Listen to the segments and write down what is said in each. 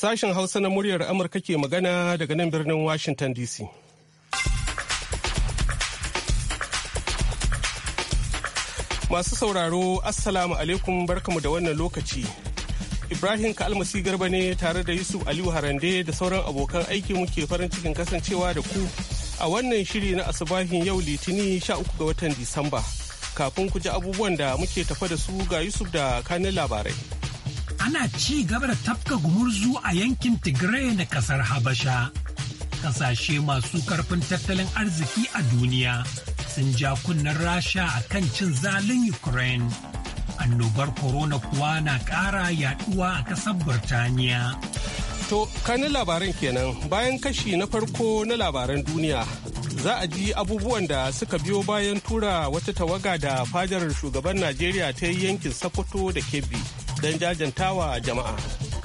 Sashen Hausa na muryar Amurka ke magana daga nan birnin Washington DC. Masu sauraro, Assalamu alaikum barkamu da wannan lokaci. Ibrahim Kalmasi Garba ne tare da Yusuf Aliyu Harande da sauran abokan aiki muke farin cikin kasancewa da ku a wannan shiri na asubahin yau Litini 13 ga watan Disamba. Kafin ku ji abubuwan da muke tafa da su ga Yusuf da kanin labarai. ana ci gaba da tafka gumurzu a yankin Tigray na kasar Habasha. Kasashe masu karfin tattalin arziki a duniya sun ja kunnen rasha a kan cin zalin Ukraine. Annobar corona kuwa na ƙara yaɗuwa a ƙasar Burtaniya. To, kani labaran kenan bayan kashi na farko na labaran duniya za a ji abubuwan da suka biyo bayan tura wata tawaga da fadar shugaban Najeriya ta yankin Sokoto da Kebbi. don jajantawa jama'a.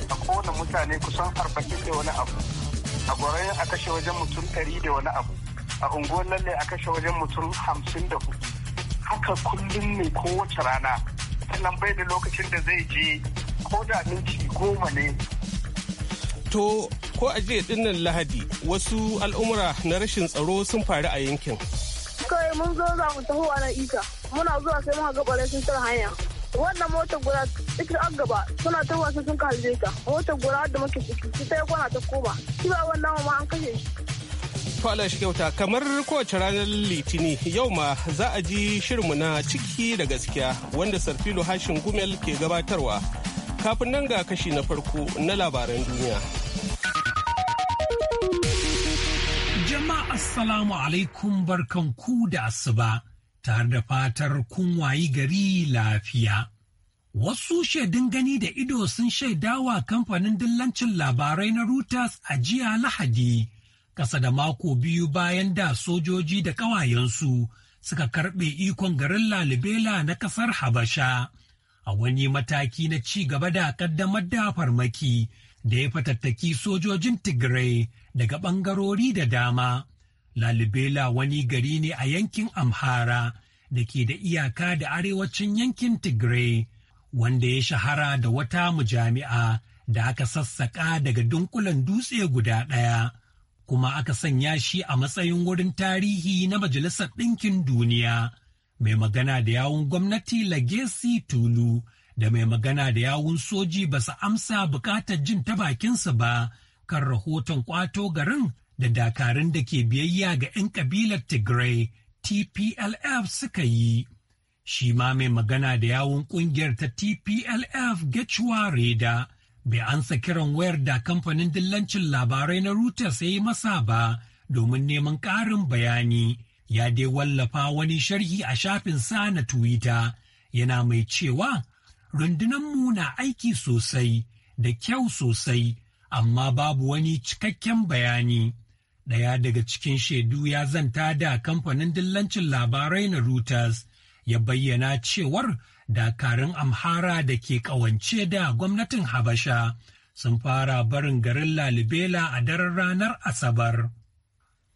A kowane mutane kusan arba'in da wani abu, a gwarai a kashe wajen mutum ɗari da wani abu, a unguwar lalle a kashe wajen mutum hamsin da hudu. Haka kullum ne kowace rana, sannan bai da lokacin da zai je ko da minti goma ne. To, ko a jiya dinnan lahadi wasu al'umura na rashin tsaro sun faru a yankin. Kawai mun zo za mu taho a ita, muna zuwa sai muka ga sun tara hanya. wannan motar guda cikin an gaba suna ta wasu sun kalle ta motar guda da muke ciki shi ta kwana ta koma shi ba wannan ma an kashe shi kwalar shi kyauta kamar kowace ranar litini yau ma za a ji shirinmu na ciki da gaskiya wanda sarfilo hashin gumel ke gabatarwa kafin nan ga kashi na farko na labaran duniya jama'a assalamu alaikum barkan ku da asuba tare da fatar kun gari lafiya. Wasu shaidun gani da ido sun shaidawa kamfanin dillancin labarai na Reuters a jiya Lahadi, ƙasa da mako biyu bayan da sojoji da ƙawayensu suka karɓe ikon garin Lalibela na ƙasar Habasha. A wani mataki na ci gaba da ƙaddamar da farmaki da ya fatattaki sojojin Tigray daga ɓangarori da dama. Lalibela wani gari ne a yankin Amhara da ke da iyaka da arewacin yankin Tigray wanda ya shahara da wata mujami'a da aka sassaƙa daga dunkulen dutse guda ɗaya, kuma aka sanya shi a matsayin wurin tarihi na Majalisar Ɗinkin Duniya. Mai magana da yawun gwamnati Lagesi Tulu da mai magana da yawun soji ba su amsa bukatar jin ta bakinsa ba kan rahoton kwato garin da dakarun da ke biyayya ga 'yan kabilar Tigray TPLF suka yi. Shi ma mai magana da yawun kungiyar ta TPLF Gachua Reda bai ansa kiran wayar da kamfanin dillancin labarai na Reuters ya yi masa ba domin neman ƙarin bayani. Ya dai wallafa wani sharhi a shafin sa na Twitter yana mai cewa rundunanmu na aiki sosai da kyau sosai amma babu wani cikakken bayani. Ɗaya daga cikin shaidu ya zanta da kamfanin dillancin labarai na Reuters ya bayyana cewar dakarun Amhara da ke ƙawance da gwamnatin Habasha sun fara barin garin Lalibela a daren ranar Asabar.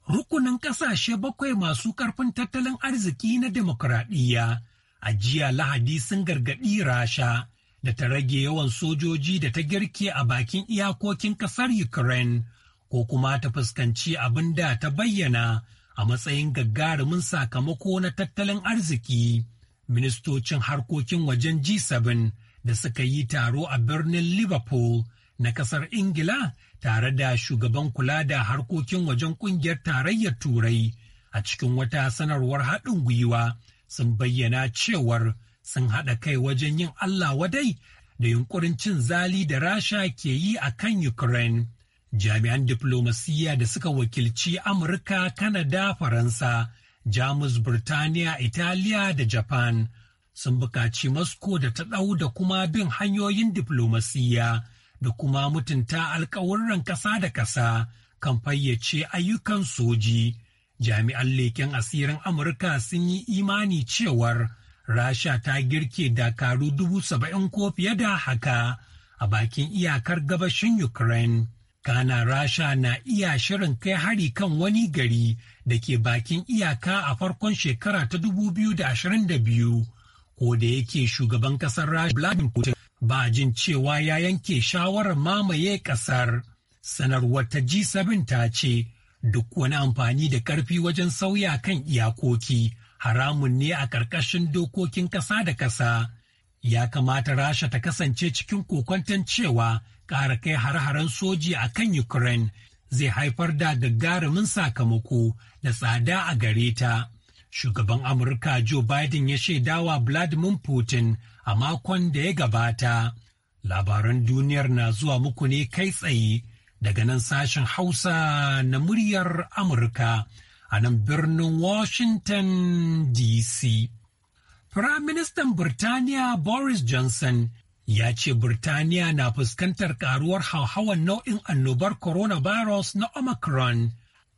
Rukunin ƙasashe bakwai masu ƙarfin tattalin arziki na demokuraɗiyya a jiya Lahadi sun gargaɗi Rasha da ta rage yawan sojoji da ta girke a bakin iyakokin ƙasar Ukraine. ko kuma ta fuskanci abin da ta bayyana a matsayin gagarumin sakamako na tattalin arziki. Ministocin harkokin wajen G7 da suka yi taro a birnin Liverpool na kasar Ingila tare da shugaban kula da harkokin wajen kungiyar tarayyar Turai a cikin wata sanarwar haɗin gwiwa sun bayyana cewar sun haɗa kai wajen yin Allah wadai da yunkurin cin zali da Rasha ke yi a kan Ukraine. jami'an diflomasiyya da suka wakilci Amurka, Kanada, Faransa, Jamus, Birtaniya, Italiya da Japan sun buƙaci Moscow da ta ɗau da kuma bin hanyoyin diflomasiyya da kuma mutunta alkawurran ƙasa da ƙasa kan fayyace ayyukan soji. Jami'an leken asirin Amurka sun yi imani cewar Rasha ta girke dakaru dubu saba'in ko fiye da haka a bakin iyakar gabashin Ukraine. Ghana Rasha na iya shirin kai hari kan wani gari da ke bakin iyaka a farkon shekara ta 2022, ko da yake shugaban kasar Rasha Vladimir Putin ba jin cewa ya yanke shawarar mamaye kasar. Sanarwar ta G7 ta ce, duk wani amfani da karfi wajen sauya kan iyakoki haramun ne a ƙarƙashin dokokin ƙasa da ƙasa. Ya kamata Rasha ta kasance cikin kokwanton cewa ƙara kai har-haren soji a kan Ukraine zai haifar da gagarumin sakamako da tsada a gare ta. Shugaban Amurka Joe Biden ya shaidawa Vladimir Putin a makon da ya gabata. Labaran duniyar na zuwa muku ne kai tsaye daga nan sashen Hausa na muryar Amurka a nan birnin Washington DC. Firaministan Birtaniya Boris Johnson ya ce Birtaniya na fuskantar karuwar hauhawan nau'in annobar coronavirus na Omicron.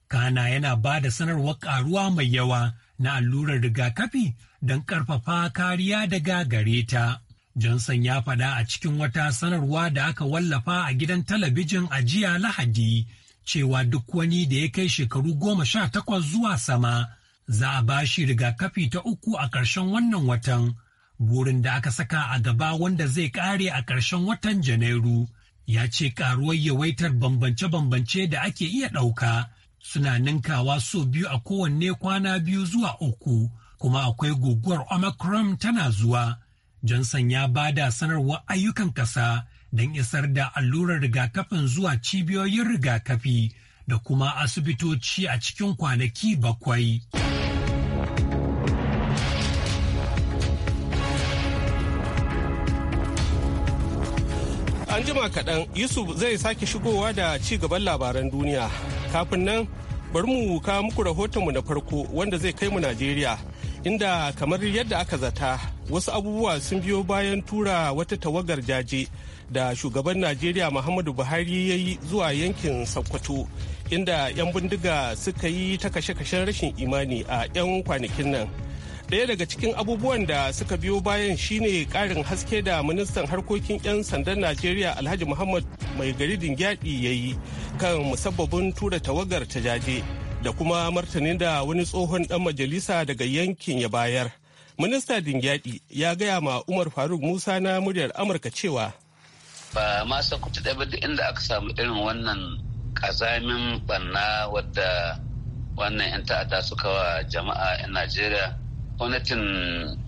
Kana yana ba da sanarwar karuwa mai yawa na allurar rigakafi don karfafa kariya daga gare ta. Johnson ya faɗa a cikin wata sanarwa da aka wallafa a gidan talabijin a jiya Lahadi cewa duk wani da ya kai shekaru goma sha takwas zuwa sama za a ba shi rigakafi ta uku a ƙarshen wannan watan burin da aka saka a gaba wanda zai kare a ƙarshen watan janairu ya ce karuwar yawaitar bambance-bambance da ake iya ɗauka suna ninkawa so biyu a kowanne kwana biyu zuwa uku kuma akwai guguwar omicron tana zuwa johnson ya ba da sanarwar ayyukan ƙasa don isar da allurar rigakafin zuwa cibiyoyin rigakafi da kuma asibitoci a cikin kwanaki bakwai. An jima kaɗan Yusuf zai sake shigowa da ci gaban labaran duniya. Kafin nan bari mu ka muku rahotonmu na farko wanda zai kai mu Najeriya. Inda kamar yadda aka zata wasu abubuwa sun biyo bayan tura wata tawagar jaje da shugaban Najeriya Muhammadu Buhari ya yi zuwa yankin Sokoto. Inda 'yan bindiga suka yi ta kashe-kashen rashin imani a 'yan kwanakin nan. ɗaya daga cikin abubuwan da suka biyo bayan shine ƙarin haske da ministan harkokin 'yan sandan najeriya alhaji muhammad mai gari dingyaɗi ya yi kan musabbabin tura tawagar ta jaje da kuma martanin da wani tsohon ɗan majalisa daga yankin ya bayar minista dingyadi ya gaya ma umar faruk musa na muryar amurka cewa ba ma inda aka samu irin wannan ƙazamin banna wadda wannan 'yan ta'adda suka wa jama'a 'yan najeriya gwamnatin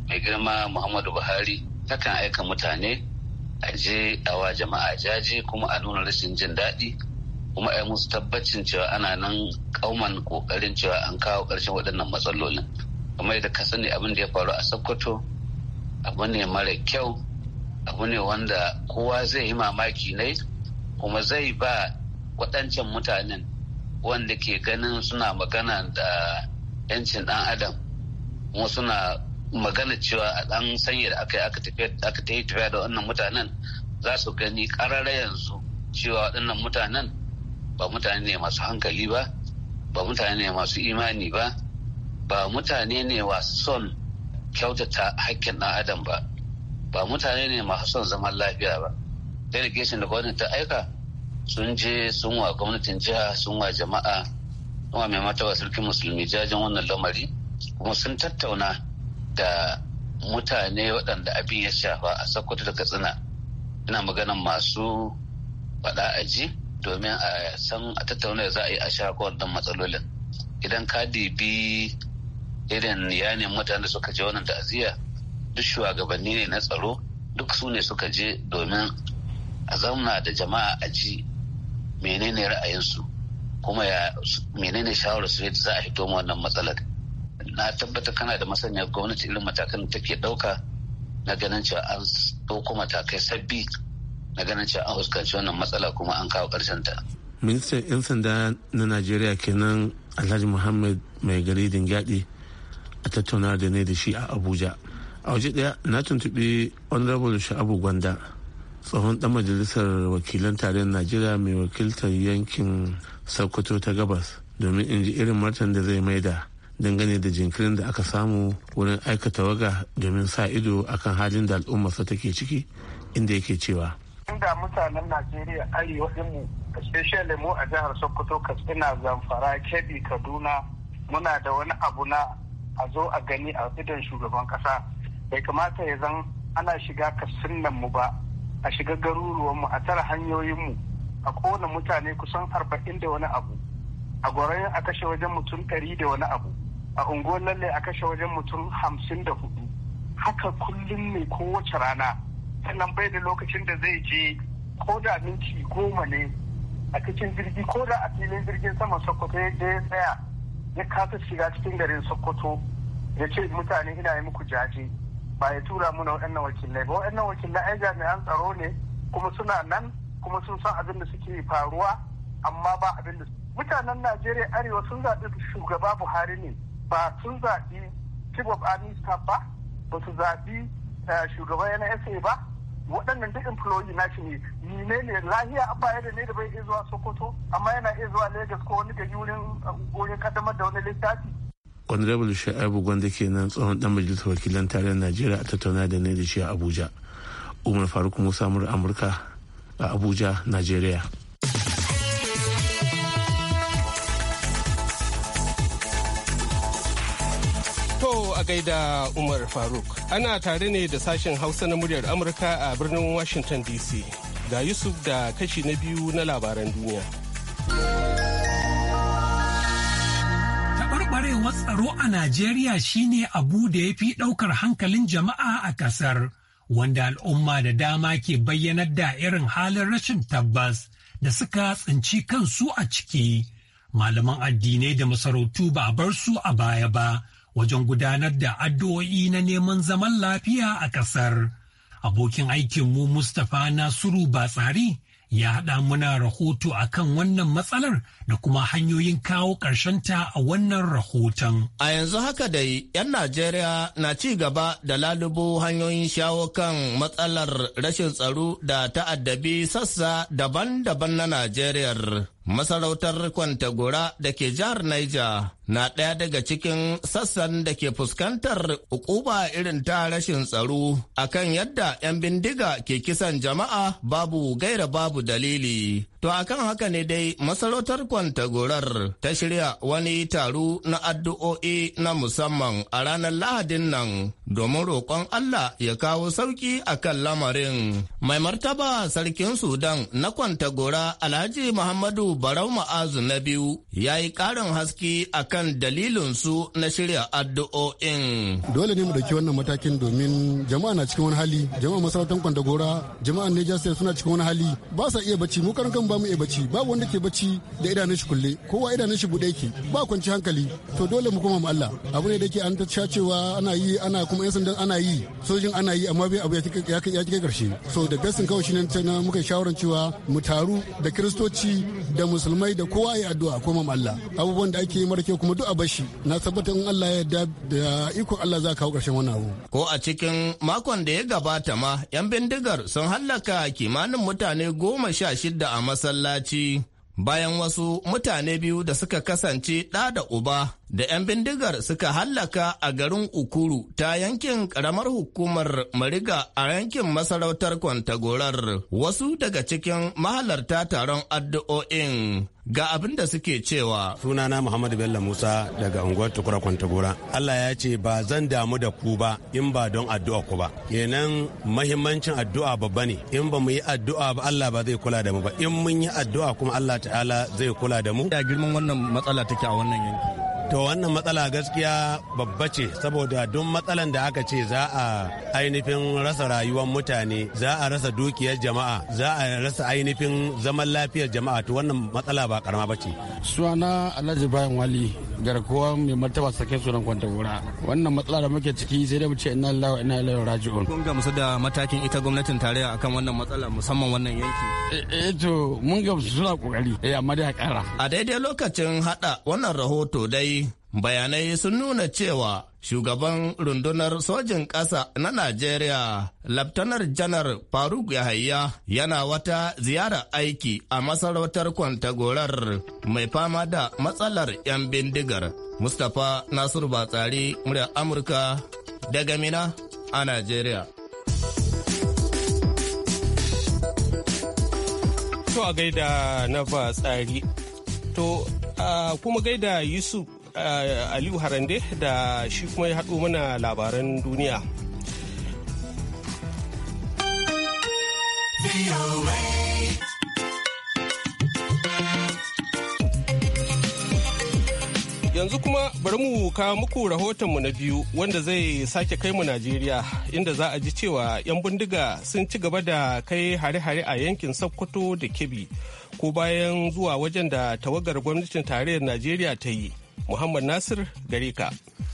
mai girma muhammadu buhari takan aika mutane a je a wa jama'a jaje kuma a nuna rashin jin daɗi kuma a yi musu tabbacin cewa ana nan kauman kokarin cewa an kawo ƙarshen waɗannan matsalolin kamar da ka sani abin da ya faru a sokoto abu ne mara kyau abu ne wanda kowa zai yi mamaki ne kuma zai ba waɗancan mutanen wanda ke ganin suna magana da 'yancin ɗan adam kuma suna magana cewa a ɗan sanya da aka yi aka ta yi tafiya da wannan mutanen za su gani karara yanzu cewa waɗannan mutanen ba mutane ne masu hankali ba ba mutane ne masu imani ba ba mutane ne masu son kyautata hakkin ɗan adam ba ba mutane ne masu son zaman lafiya ba delegation da gwamnati ta aika sun je sun wa gwamnatin jiha sun wa jama'a sun wa mai mata wa sarkin musulmi jajin wannan lamari kuma sun tattauna da mutane waɗanda abin ya shafa a sakkwato da katsina ina maganan masu faɗa aji domin a san a tattauna za a yi a shafa waɗannan matsalolin idan ka dibi irin yanin mutane suka je wannan ta'aziyya duk shugabanni ne na tsaro duk su ne suka je domin a zauna da jama'a a ji menene ra'ayinsu kuma ya menene shawarar su za a hito wannan matsalar na tabbatar kana da masaniyar gwamnati irin matakan da take ɗauka na ganin cewa an dauko matakai sabbi na ganin cewa an fuskanci wannan matsala kuma an kawo ƙarshen ta. ministan 'yan sanda na najeriya kenan alhaji muhammad mai gari dingaɗi a tattauna da ne da shi a abuja a waje daya na tuntuɓi honorable sha'abu gwanda tsohon ɗan majalisar wakilan tarayyar najeriya mai wakiltar yankin sokoto ta gabas domin in ji irin martan da zai maida dangane da jinkirin da aka samu wurin aikata tawaga domin sa ido akan halin da al'umma sa take ciki inda yake cewa inda mutanen najeriya arewa mu especially mu a jihar sokoto katsina zamfara kebbi kaduna muna da wani abu na a zo a gani a idon shugaban kasa bai kamata ya zan ana shiga katsinan mu ba a shiga garuruwan mu a tara hanyoyinmu a kowane mutane kusan arba'in da wani abu a gwarayin a kashe wajen mutum ɗari da wani abu a unguwar lalle a kashe wajen mutum hamsin da hudu haka kullum ne kowace rana sannan bai da lokacin da zai je ko da minti goma ne a cikin jirgi ko da a filin jirgin sama sokoto ya je tsaya ya kasa shiga cikin garin sokoto ya ce mutane ina yi muku jaje ba ya tura muna waɗannan wakilai ba waɗannan wakilai ai jami'an tsaro ne kuma suna nan kuma sun san abin da suke faruwa amma ba abin da mutanen najeriya arewa sun zaɓi shugaba buhari ne ba sun zaɓi chief of army staff ba ba su zaɓi eh, shugaban nsa ba waɗannan duk employee na shi ne ne ne lahiya an bayar da ne da bai iya zuwa sokoto amma yana iya zuwa lagos ko wani gari wurin goyon eh, kaddamar da wani littafi honorable sha'abu ke nan tsohon dan majalisar wakilan tarayyar najeriya a tattauna da ne da shi a abuja umar faruk musa amurka a abuja najeriya Yau a gaida Umar Faruk. Ana tare ne da sashen Hausa na muryar Amurka a birnin Washington DC. Ga Yusuf da kashi na biyu na labaran duniya. Taɓarɓarewar tsaro a Najeriya shine abu da ya fi ɗaukar hankalin jama'a a ƙasar, wanda al'umma da dama ke bayyanar da irin halin rashin tabbas da suka tsinci kansu a ciki. Malaman addinai da masarautu ba a bar su a baya ba. wajen gudanar da addu'o'i na neman zaman lafiya a ƙasar. Abokin aikinmu Mustapha Nasiru Batsari ya haɗa muna rahoto a kan wannan matsalar da kuma hanyoyin kawo ƙarshen ta a wannan rahoton. A yanzu haka dai, 'yan Najeriya na ci gaba da lalubo hanyoyin shawo kan matsalar rashin tsaro da ta'addabi sassa daban-daban na Najeriyar. Masarautar Kwantagora da ke jihar Niger. na ɗaya daga cikin sassan da ke fuskantar hukuma irin ta rashin tsaro akan yadda 'yan bindiga ke kisan jama'a babu gaira babu dalili. To akan haka ne dai masarautar kwantagorar ta shirya wani taro na addu'o'i na musamman a ranar Lahadin nan domin roƙon Allah ya kawo sauƙi kan lamarin. Mai martaba sarkin Sudan na kwantagora Alhaji Muhammadu Barau Ma'azu na biyu ya yi ƙarin haske akan kan dalilinsu na shirya addu'o'in. Dole ne mu ɗauki wannan matakin domin jama'a na cikin wani hali, jama'a masarautar Kwandagora, jama'a Niger State suna cikin wani hali, ba sa iya bacci, mu karan kan ba mu iya bacci, ba wanda ke bacci da idanun shi kulle, kowa idanun shi buɗe yake, ba kwanci hankali, to dole mu koma mu Allah. Abu ne da ke an ta cewa ana yi, ana kuma 'yan sandan ana yi, sojin ana yi, amma bai abu ya kai karshe. So da besin kawai shi ne muka shawaran cewa mu taru da kiristoci da musulmai da kowa ya addu'a koma mu Allah. Abubuwan da ake yi mara kyau kuma duk a bashi na tabbatar in Allah ya yarda da ikon Allah za kawo ƙarshen wannan abu ko a cikin makon da ya gabata ma yan bindigar sun hallaka kimanin mutane goma sha shida a masallaci bayan wasu mutane biyu da suka kasance ɗa da uba da 'yan bindigar suka hallaka a garin Ukuru ta yankin karamar hukumar Mariga a yankin masarautar Kwantagorar wasu daga cikin mahalarta taron addu'o'in ga abin da suke cewa sunana muhammadu bello musa daga unguwar tukura kwantagora allah ya ce ba zan damu da ku ba in ba don addu'a ku ba kenan mahimmancin addu'a babba ne in ba mu yi addu'a ba allah ba zai kula da mu ba in mun yi addu'a kuma allah ta'ala zai kula da mu ya girman wannan matsala take a wannan yanki To wannan matsala gaskiya babba ce saboda duk matsalan da aka ce za a ainihin rasa rayuwar mutane za a rasa dukiyar jama'a za a rasa ainihin zaman lafiyar jama'a to wannan matsala ba karama ba ce. Suwana Alhaji Bayan Wali garkuwan mai martaba sake sunan kwanta gora wannan matsala da muke ciki sai dai mu ce inna lillahi wa inna ilaihi raji'un kun gamsu da matakin ita gwamnatin tarayya akan wannan matsala musamman wannan yanki eh, eh to mun gamsu suna kokari eh amma dai a kara a daidai lokacin hada wannan rahoto dai bayanai sun nuna cewa shugaban rundunar sojin ƙasa na Najeriya, Laftanar Janar Faruk Yahaya yana wata ziyara aiki a masarautar Kwantagorar mai fama da matsalar 'yan bindigar. Mustapha Nasiru Batsari, murya Amurka daga Mina a Najeriya. To a gaida na tsari, to kuma gaida Yusuf Eh, aliyu harande da shi kuma ya haɗo mana labaran duniya yanzu kuma bari mu kawo muku rahotonmu na biyu wanda zai sake kai mu Najeriya inda za a ji cewa 'yan bindiga sun ci gaba da kai hare-hare a yankin Sokoto da Kebbi ko bayan zuwa wajen da tawagar gwamnatin tarayyar Najeriya ta yi Muhammad Nasir gare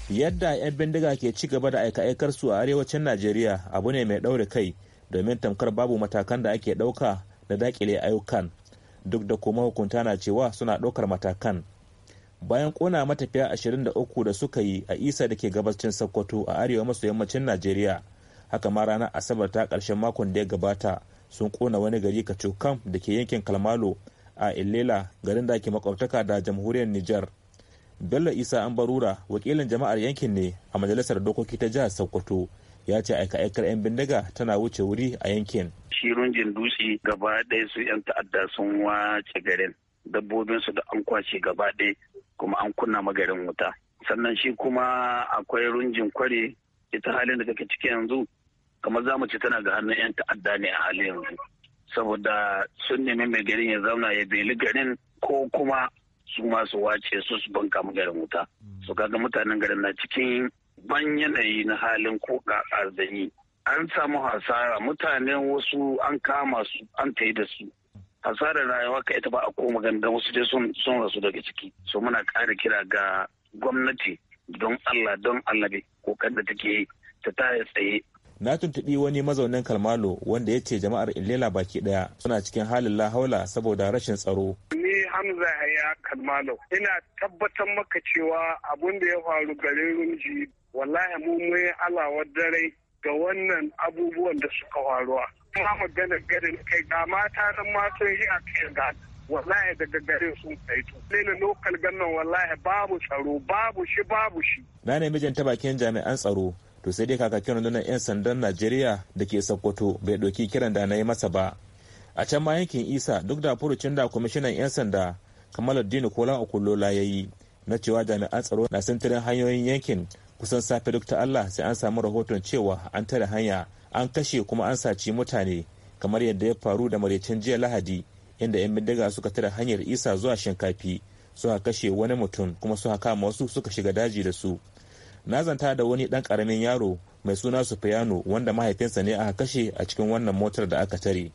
Yadda 'yan bindiga ke ci gaba da aika-aikar su a arewacin Najeriya abu ne mai ɗaure kai domin tamkar babu matakan da ake ɗauka da dakile ayyukan duk da kuma hukunta na cewa suna ɗaukar matakan. Bayan ƙona matafiya ashirin da uku da suka yi a isa da ke gabacin Sokoto a arewa maso yammacin Najeriya, haka ma ranar Asabar ta ƙarshen makon da ya gabata sun ƙona wani gari Kacokam da ke yankin Kalmalo a Ilela garin da ke makwabtaka da jamhuriyar Nijar. bello isa an barura wakilin jama'ar yankin ne a majalisar dokoki ta jihar sokoto ya ce aika-aikar 'yan bindiga tana wuce wuri a yankin shi jin dutse gaba ɗaya su 'yan ta'adda sun wace garin dabbobin su da an kwace gaba ɗaya kuma an kunna magarin wuta sannan shi kuma akwai runjin kware ita halin da kake ciki yanzu kamar za mu ci tana ga hannun 'yan ta'adda ne a halin yanzu saboda sun nemi mai garin ya zauna ya beli garin ko kuma su masu wace su su banka mu garin wuta su kaga mutanen garin na cikin ban yanayi na halin ko arzani an samu hasara Mutanen wasu an kama su an tayi da su hasarar rayuwa ka ita ba a koma ganda wasu dai sun rasu daga ciki so muna ƙara kira ga gwamnati don Allah don Allah ne kokar da take ta tare tsaye na tuntuɓi wani mazaunin kalmalo wanda ya ce jama'ar Ilela baki ɗaya suna cikin halin lahaula saboda rashin tsaro hamza ya kalmalo ina tabbatar maka cewa abun da ya faru garin rumji wallahi mu mun alawar dare ga wannan abubuwan da suka faruwa kuma magana garin kai ga mata da matan yi a kai ga wallahi daga garin sun kai kaito lele lokal gannan wallahi babu tsaro babu shi babu shi na ne mijin ta bakin jami'an tsaro to sai dai kakakin rundunar 'yan sandan najeriya da ke sokoto bai ɗauki kiran da na yi masa ba a can ma yankin isa duk da furucin da kwamishinan 'yan sanda kamaluddin kolan okulola ya yi na cewa jami'an tsaro na sintirin hanyoyin yankin kusan safe duk ta allah sai an samu rahoton cewa an tare hanya an kashe kuma an saci mutane kamar yadda ya faru da maraicin jiya lahadi inda 'yan bindiga suka tare hanyar isa zuwa shinkafi suka kashe wani mutum kuma suka kama wasu suka shiga daji da su na zanta da wani dan karamin yaro mai suna sufiyano wanda mahaifinsa ne aka kashe a cikin wannan motar da aka tare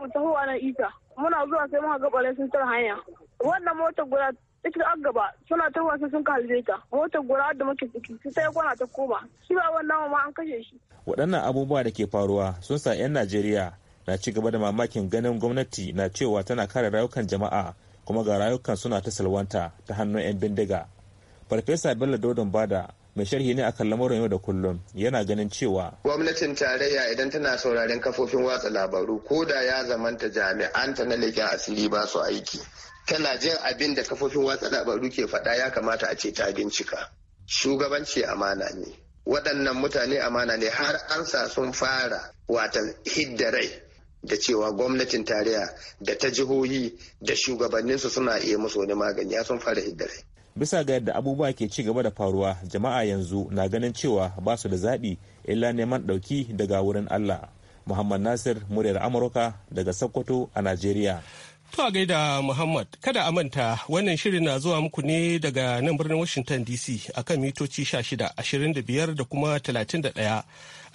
mu taho a nan isa muna zuwa sai muka ga ɓarai sun tara hanya wannan motar guda ita an gaba suna ta sai sun kalbe ta motar gura da muke ciki sai ta kwana ta koma shi ba wannan ma an kashe shi waɗannan abubuwa da ke faruwa sun sa 'yan najeriya na ci gaba da mamakin ganin gwamnati na cewa tana kare rayukan jama'a kuma ga rayukan suna ta salwanta ta hannun 'yan bindiga farfesa bello dodon bada mai sharhi ne akan lamarin yau da kullum yana ganin cewa gwamnatin tarayya idan tana sauraren kafofin watsa labaru ko da ya zamanta jami'anta na leƙen asiri ba su aiki tana jin abin da kafofin watsa labaru ke faɗa ya kamata a ce ta bincika shugabanci amana ne waɗannan mutane amana ne har ansa sun fara watan hidda rai da cewa gwamnatin tarayya da ta jihohi da shugabanninsu suna iya musu wani magani ya sun fara hidda rai bisa ga yadda abubuwa ke ci gaba da faruwa jama'a yanzu na ganin cewa ba su da zaɓi illa neman ɗauki daga wurin allah muhammad nasir muryar amurka daga sokoto a najeriya To a gaida Muhammad, kada a manta wannan shirin na zuwa muku ne daga nan birnin Washington DC a kan mitoci 16, 25 da kuma 31.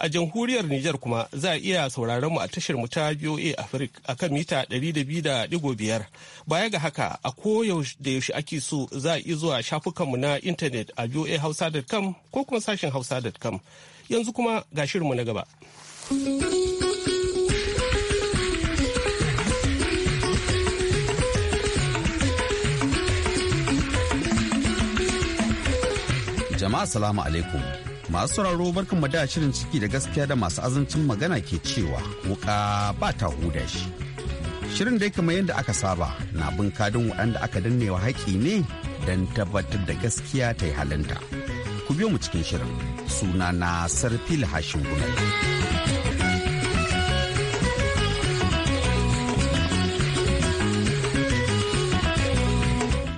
A jamhuriyar Nijar kuma za a iya sauraron mu a tashar mu ta BOA Africa kan mita 200.5. Baya ga haka a koyaushe da yaushe ake so za a iya zuwa shafukanmu na intanet a boahausa.com ko kuma sashen hausa.com. Yanzu kuma ga shirinmu na gaba. Jama'a salamu alaikum. Masu sauraro barkan mu da shirin ciki da gaskiya da masu azancin magana ke cewa wuka ba ta huda shi. Shirin dai kamar yadda aka saba na bin kadin waɗanda aka dannewa haƙi ne don tabbatar da gaskiya ta yi halinta. Ku biyo mu cikin shirin suna na Sarfil Hashin Gumel.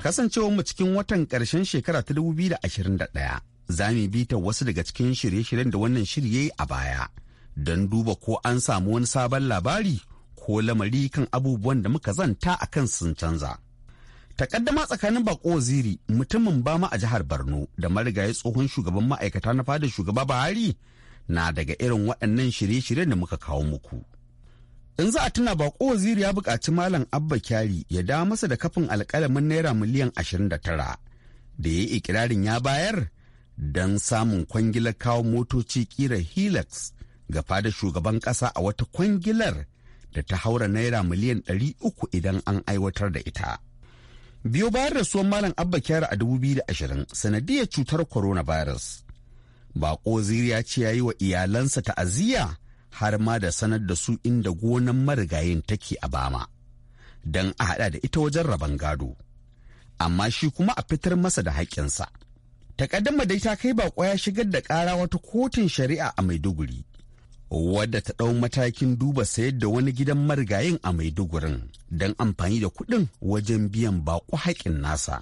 Kasancewar mu cikin watan ƙarshen shekara ta 2021 za mu bi ta wasu daga cikin shirye-shiryen da wannan shirye a baya don duba ko an samu wani sabon labari ko lamari kan abubuwan da muka zanta a kan sun canza. Takaddama tsakanin bako ziri mutumin bama a jihar Borno da marigayi tsohon shugaban ma'aikata na fadar shugaba Buhari na daga irin waɗannan shirye-shiryen da muka kawo muku. in za a tuna bako waziri ya buƙaci malam abba kyari ya dawo masa da kafin alƙalamin naira miliyan 29 da ya yi ikirarin ya bayar don samun kwangilar kawo motoci ƙira helix ga fada shugaban ƙasa a wata kwangilar da ta haura naira miliyan ɗari 300 idan an aiwatar da ita biyo bayar da suwan malam abba kyari a dubu ashirin. sanadiyar cutar coronavirus bako waziri ya ce ya yi wa iyalansa ta'aziyya har ma da sanar da su inda gonan marigayin take a bama don a haɗa da ita wajen rabon gado amma shi kuma a fitar masa da haƙƙinsa takaddama dai ta kai baƙo ya shigar da ƙara wata kotun shari'a a maiduguri wadda ta ɗau matakin duba sayar da wani gidan marigayin a maidugurin don amfani da kuɗin wajen biyan baƙo haƙƙin nasa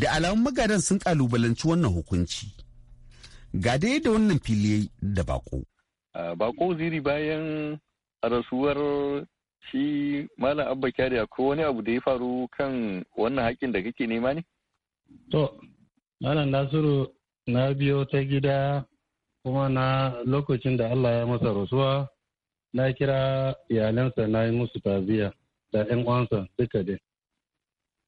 da alamun magadan sun ƙalubalanci wannan hukunci ga da wannan fili da baƙo Bako ziri bayan rasuwar shi Malam Abba Kyari koWani wani abu da ya faru kan wannan haƙƙin da kake nema ne? To, Malam Nasiru na biyo ta gida kuma na lokacin da Allah ya masa rasuwa na kira iyalansa na yi musu taziya da 'yan uwansa duka dai.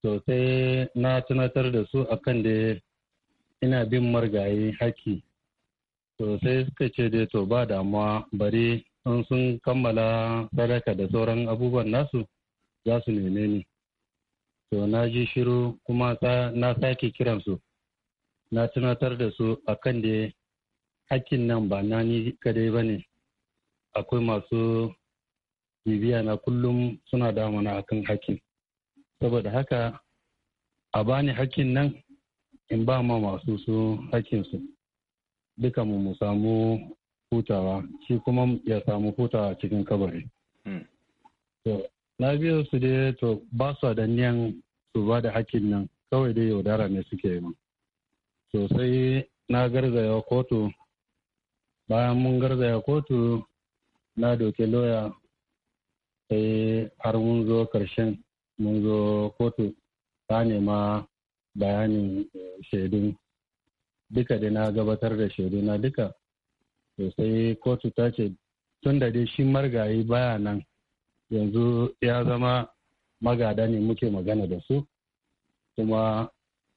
To sai na tunatar da su akan da ina bin margayi haƙƙi Sosai suka ce dai to ba damuwa bari in sun kammala sadaka da sauran abubuwan nasu za su neme ni to na ji shiru kuma na sake kiransu na tunatar da su akan da hakkin nan ba na ni kadai ba ne akwai masu bibiya na kullum suna damuna akan hakkin saboda haka a bani hakkin nan in ba ma masu su hakkinsu duka mu mu samu hutawa shi kuma ya samu hutawa cikin kabari hmm. to na biyu su dai to ba su da su ba da hakkin nan kawai dai yaudara ne suke yi to sai na garzaya kotu bayan mun garzaya kotu na doke loya sai har mun zo karshen mun zo kotu ta nema bayanin eh, shaidun duka dai na gabatar da shaidu na duka to sai kotu ta ce tun da dai shi margayi baya nan yanzu ya zama magada ne muke magana da su kuma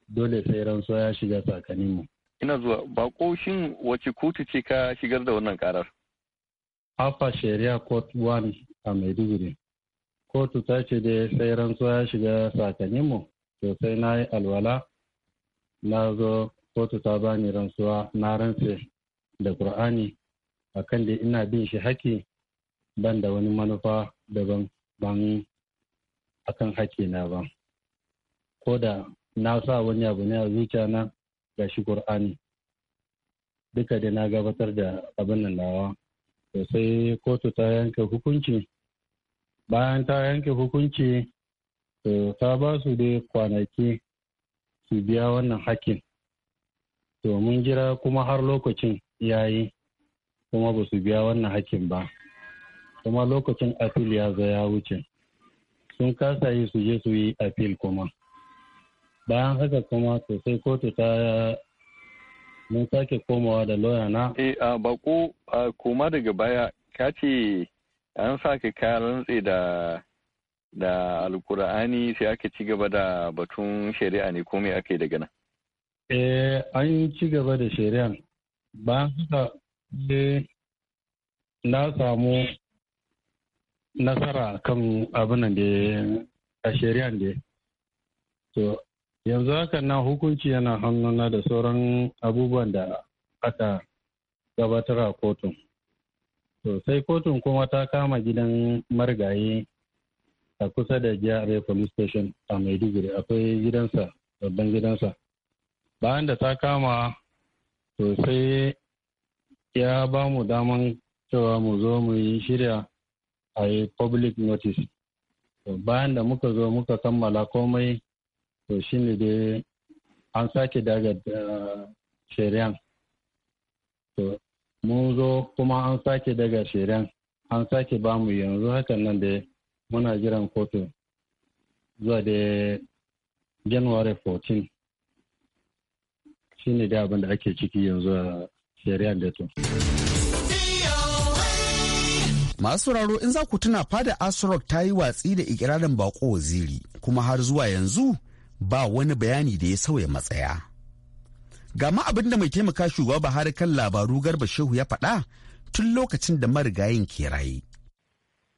dole sai ransu ya shiga tsakaninmu. ina zuwa ba shin wace kotu ce ka shigar da wannan karar Alpha Sharia Court 1 a Maiduguri. Kotu ta ce dai sai ransu ya shiga sakaninmu, to sai na yi alwala, na zo kotu ta bani rantsuwa na rantse da Kur'ani kan da ina bin shi haƙi ban da wani manufa daban ban kan na ba. Ko da na sa wani abu ne a zuciya na ga shi Kur'ani. Duka da na gabatar da abin nan nawa. To sai kotu ta yanke hukunci. Bayan ta yanke hukunci, ta ba su dai kwanaki su biya wannan haƙƙin. to mun jira kuma har lokacin yayi kuma ba su biya wannan hakkin ba kuma lokacin apil ya zo ya wuce sun kasa yi su je su yi apil kuma bayan haka kuma sosai kotu ta mun sake komawa da loya na eh a bako koma daga baya ka ce an sake kayan rantse da da alkur'ani sai aka ci gaba da batun shari'a ne komai aka yi daga nan eh an ci gaba da shari'an ba haka eh, na samu nasara kan abin da a shari'an da to yanzu haka na hukunci yana hannuna da sauran abubuwan da aka gabatar a kotun to sai kotun kuma ta kama gidan marigayi a kusa da jihar police station a maiduguri akwai gidansa babban gidansa bayan da ta kama to sai ya ba mu daman cewa mu zo mu yi shirya a yi public notice bayan da muka zo muka kammala komai to shine dai an sake daga eh, shari'an to mun zo kuma an sake daga shari'an an sake ba mu yanzu hakan nan da muna jiran kotu zuwa da january 14 ne da abin da ake ciki yanzu a Masu sauraro in za ku tuna fada Asrock ta yi watsi da ikirarin bako waziri kuma har zuwa yanzu ba wani bayani da ya sauya matsaya. Ga ma abin da mai taimaka shugaba Buhari kan labaru Garba Shehu ya faɗa tun lokacin da marigayin ke raye.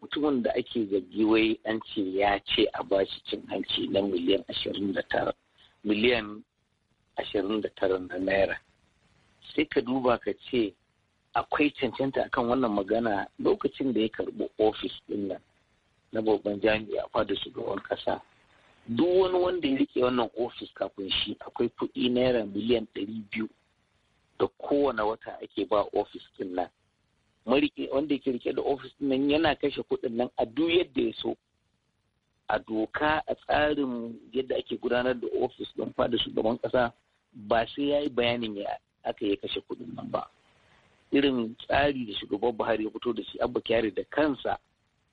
Mutumin da ake zargi wai an ce ya ce a bashi cin hanci na miliyan ashirin da miliyan ashirin da tara na naira sai ka duba ka ce akwai cancanta akan wannan magana lokacin da ya karɓi ofis din nan na babban jami'a da shugaban ƙasa duk wani wanda ya rike wannan ofis kafin shi akwai kuɗi naira miliyan ɗari biyu da kowane wata ake ba ofis din nan wanda ke rike da ofis din nan yana kashe kuɗin nan a duk yadda ya so a doka a tsarin yadda ake gudanar da ofis don fada shugaban ƙasa ba sai ya yi bayanin ya aka yi kashe kuɗin nan ba irin tsari da shugaban buhari ya fito da shi abba kyari da kansa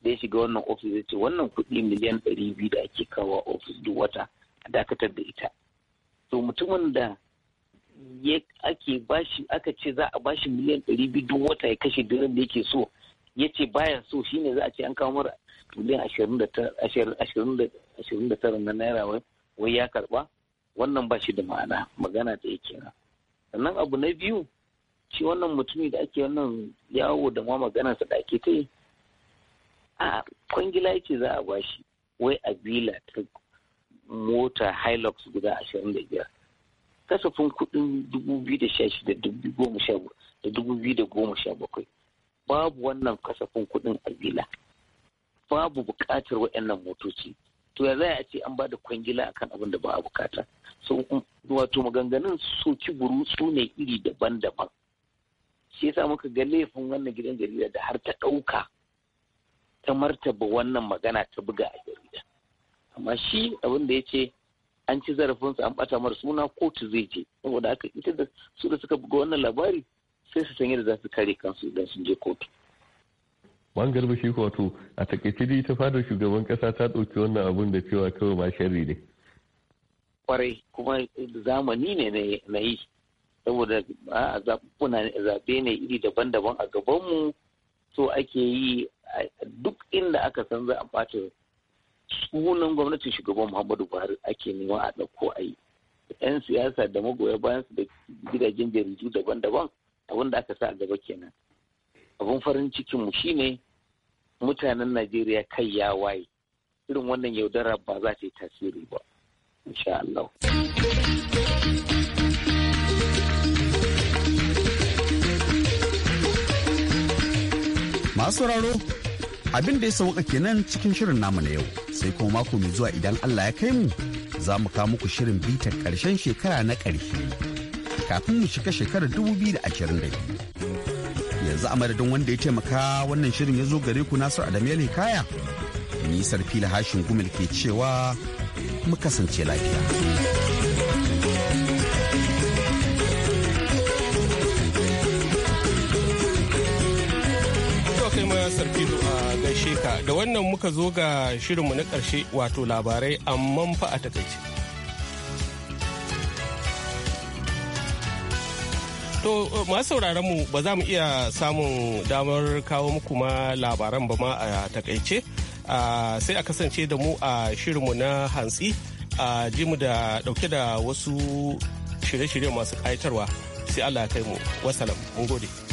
da ya shiga wannan ofis ya ce wannan kuɗi miliyan ɗari biyu da ake kawo ofis duk wata a dakatar da ita to mutumin da ya ake bashi aka ce za a bashi miliyan ɗari biyu duk wata ya kashe duk da yake so ya ce baya so shine za a ce an kawo mara miliyan ashirin da tara na naira wai ya karba wannan ba shi da ma'ana magana da yake na sannan abu na biyu shi wannan mutumi da ake wannan yawo da ma magana sa da ake kai a kwangila yake za a ba shi. wai a bila ta mota hilux guda ashirin da biyar kasafin kudin dubu biyu da sha shida da dubu biyu da goma sha bakwai babu wannan kasafin kudin a bila babu bukatar waɗannan motoci to ya za a ce an ba da kwangila akan abin da ba a bukata so um, wato maganganun soki buru su ne iri daban-daban shi yasa muka ga laifin wannan gidan jarida da har ta ɗauka ta martaba wannan magana ta buga a jarida amma shi abin da ya ce an ci zarafinsu an ɓata mara suna kotu zai je saboda haka ita da su da suka buga wannan labari sai su sanya da za su kare kansu idan sun je kotu bangar ba shi wato a takaice dai ta fadar shugaban kasa ta ɗauki wannan abun da cewa kawai ma sharri ne kwarai kuma zamani ne na yi saboda a zaɓe ne iri daban-daban a gabanmu so ake yi duk inda aka san za a ɓata sunan gwamnatin shugaban muhammadu buhari ake neman a ɗauko a yi 'yan siyasa da magoya bayan su da gidajen jaridu daban-daban abin da aka sa a gaba kenan abin farin cikin mu shine mutanen najeriya kai ya waye irin wannan yaudara ba za ta yi tasiri ba insha masu sauraro abin da ya sauka kenan cikin shirin namu na yau sai kuma mako mai zuwa idan Allah ya kai mu za mu kawo muku shirin bitar karshen shekara na ƙarshe kafin mu shiga shekarar 2022 yanzu a madadin wanda ya taimaka wannan shirin ya zo gare ku nasir adamiyar hikaya nisar fila hashin gumil ke cewa mu kasance lafiya a gaishe ka da wannan muka zo ga shirinmu na ƙarshe wato labarai amman fa a takaice To masu sauraron mu ba za mu iya samun damar kawo muku ma labaran ba ma a takaice sai a kasance da mu a shirinmu na hantsi a ji mu da dauke da wasu shirye-shirye masu ƙayatarwa sai Allah ya kai mu wasalam mun gode.